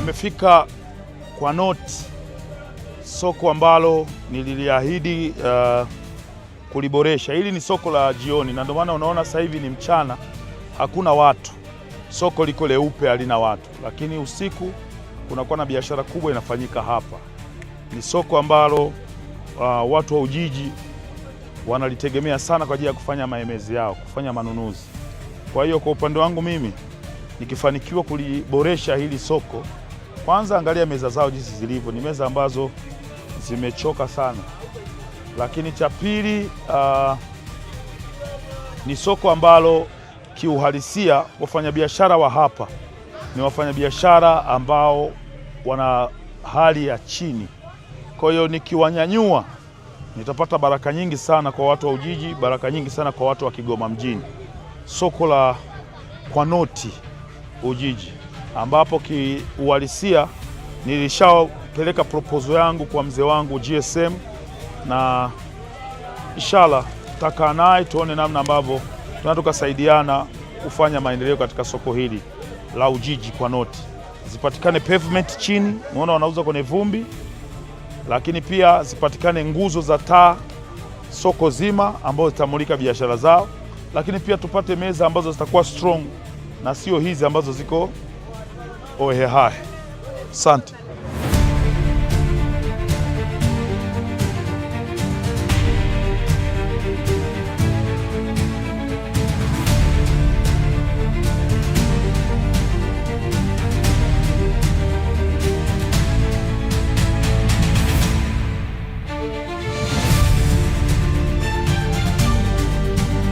Nimefika kwa noti soko ambalo nililiahidi uh, kuliboresha. Hili ni soko la jioni, na ndio maana unaona sasa hivi ni mchana, hakuna watu, soko liko leupe, halina watu, lakini usiku kunakuwa na biashara kubwa inafanyika hapa. Ni soko ambalo uh, watu wa Ujiji wanalitegemea sana kwa ajili ya kufanya maemezi yao, kufanya manunuzi. Kwa hiyo kwa upande wangu mimi nikifanikiwa kuliboresha hili soko kwanza angalia meza zao jinsi zilivyo, ni meza ambazo zimechoka sana. Lakini cha pili, uh, ni soko ambalo kiuhalisia wafanyabiashara wa hapa ni wafanyabiashara ambao wana hali ya chini. Kwa hiyo nikiwanyanyua nitapata baraka nyingi sana kwa watu wa Ujiji, baraka nyingi sana kwa watu wa Kigoma mjini. Soko la Kwanoti Ujiji ambapo kiuhalisia nilishapeleka proposal yangu kwa mzee wangu GSM, na inshallah tutakaa naye tuone namna ambavyo tunaweza tukasaidiana kufanya maendeleo katika soko hili la Ujiji kwa noti, zipatikane pavement chini, unaona wanauza kwenye vumbi, lakini pia zipatikane nguzo za taa soko zima ambazo zitamulika biashara zao, lakini pia tupate meza ambazo zitakuwa strong na sio hizi ambazo ziko over here Hi, Asante.